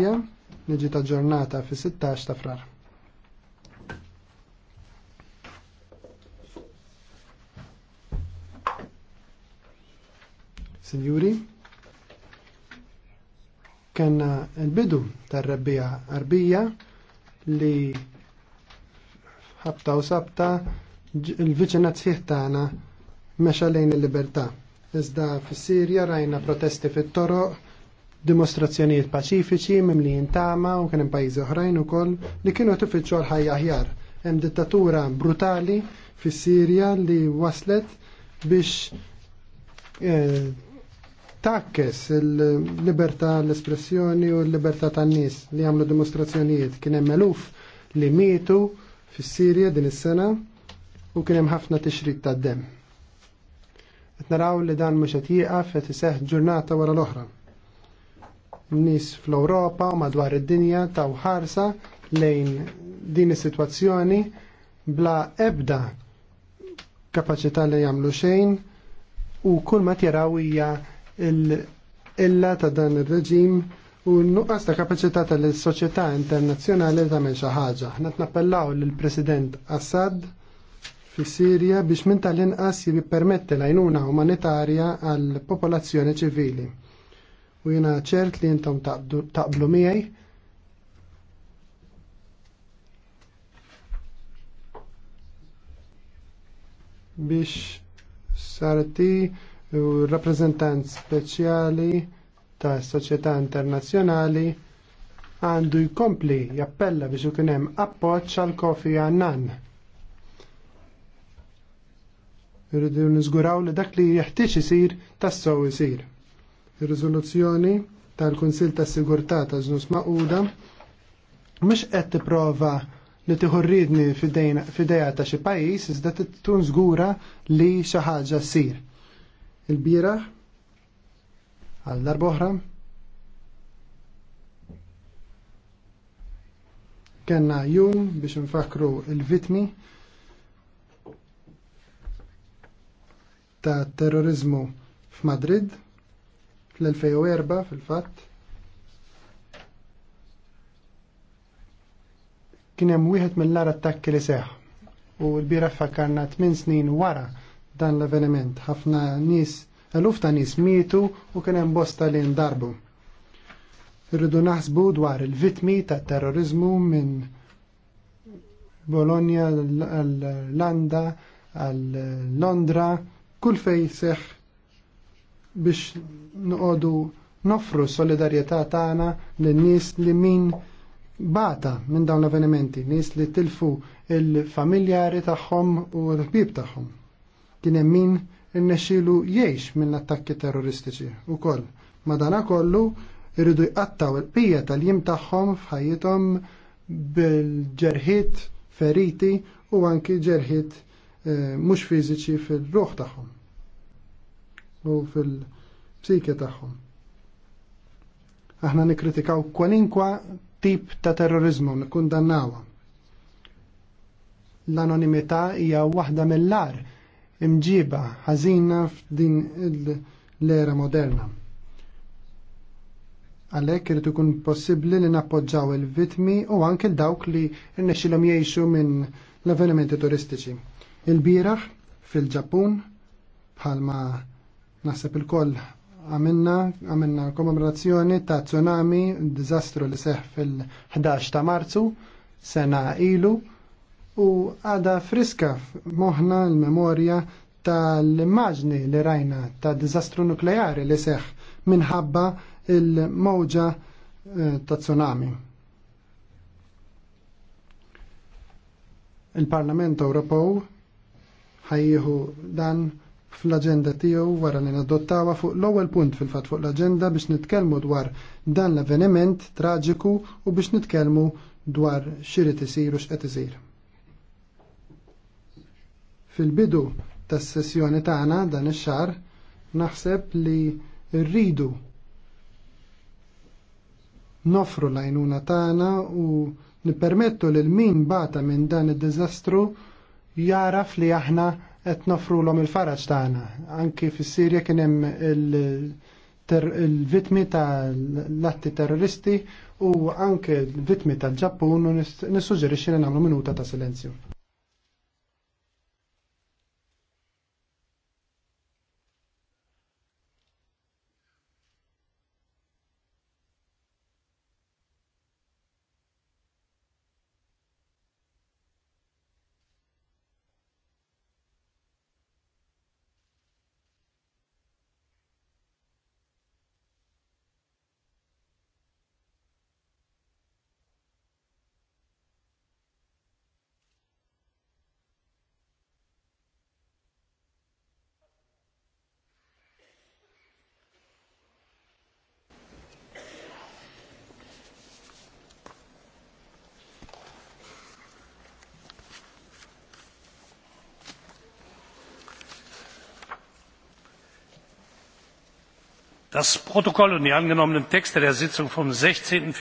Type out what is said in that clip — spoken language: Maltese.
Ja, Niġi ta' ġurnata fi 16 ta' frar. Signori, kena il-bidu tar rebbija arbija li ħabta u sabta il-viċinat sħiħtana meċa lejn il-libertà. Iżda fis sirja rajna protesti fit-toroq, dimostrazzjonijiet paċifiċi mimlijin tama u kien hemm pajjiżi oħrajn ukoll li kienu tifittxu għal ħajja aħjar. Hemm dittatura brutali fis-Sirja li waslet biex eh, takkes il-libertà l-espressjoni u l-libertà tan-nies li għamlu dimostrazzjonijiet. Kien hemm eluf li mietu fis-Sirja din is-sena u kien hemm ħafna tixrid tad-demm. Qed naraw li dan mhux qed jieqaf qed iseħħ ġurnata wara l-oħra nis fl-Europa madwar id-dinja taw ħarsa lejn din is-sitwazzjoni bla ebda kapaċità li jagħmlu xejn u kull ma tjaraw hija illa ta' dan ir-reġim u nuqqas ta' kapaċità tal-soċjetà internazzjonali tagħmel xi ħaġa. Aħna tnappellaw lill-President Assad fis Sirja biex minn tal-inqas jippermetti l-għajnuna umanitarja għall popolazzjoni ċivili u jena ċert li jintom taqblu miegħi. biex sarti u rappresentant speċjali ta' soċjetà internazzjonali għandu jkompli jappella biex ikun hemm appoġġ għal Kofi għannan. Irridu niżguraw li dak li jeħtieġ isir tassew isir. Ir-riżoluzzjoni tal-Kunsil tas-Sigurtà ta' Żnus Maquda mhux qed tipprova li tiħorridni f'idejha ta' xi pajjiż iżda tkun żgura li xi ħaġa ssir. Il-bieraħ għal darba oħra kenna jum biex nfakru il-vitmi ta' terrorizmu f'Madrid fl-2004 fil-fatt kien hemm wieħed mill ar attakki li seħħ u l-bira fakkarna 8 snin wara dan l-avveniment. Ħafna nies, eluf ta' nies mietu u kien hemm bosta li ndarbu. Irridu naħsbu dwar il-vitmi ta' terrorizmu minn Bologna, l-Landa, l Londra, kull fej seħ biex noqogħdu nofru solidarjetà tagħna lin-nies li min bata minn dawn l-avvenimenti, nies li tilfu il-familjari tagħhom u l-ħbib tagħhom. Kien hemm min innexxielu jgħix minn attakki terroristiċi wkoll. Madana kollu irridu jqattaw il-qija tal-jim tagħhom f'ħajjithom bil-ġerħiet feriti u anki ġerħiet eh, mhux fiżiċi fil-ruħ tagħhom u fil-psike tagħhom. Aħna nikkritikaw kwalinkwa tip ta' terrorizmu nikkundannawha. L-anonimità hija waħda mill-ar imġiba ħażina f'din l-era moderna. Għalhekk irid ikun possibbli li nappoġġaw il-vitmi u anke dawk li rnexxilhom jgħixu minn l-avvenimenti turistiċi. Il-bieraħ fil-Ġappun bħalma Naħseb il-koll għamilna, għamilna komemorazzjoni ta' tsunami, dizastru li seħ fil-11 ta' marzu, sena ilu, u għada friska moħna l-memorja tal-immaġni li rajna ta' dizastru nukleari li seħ minħabba il-mowġa eh, ta' tsunami. Il-Parlament Ewropew ħajjieħu dan fl-agenda tiegħu wara li nadottawa fuq l-ewwel punt fil-fatt fuq l-agenda biex nitkellmu dwar dan l-avveniment traġiku u biex nitkellmu dwar xirid isir u x'qed isir. Fil-bidu tas-sessjoni tagħna dan ix-xahar naħseb li rridu nofru l-għajnuna tagħna u nippermettu lil min bata minn dan id-diżastru jaraf li aħna qed nofru l il faraċ tagħna. Anki fis-Sirja kien hemm il-vitmi ta' l-atti terroristi u anke l-vitmi tal-Ġappun u nissuġġerixxi li nagħmlu minuta ta' silenzju. Das Protokoll und die angenommenen Texte der Sitzung vom 16.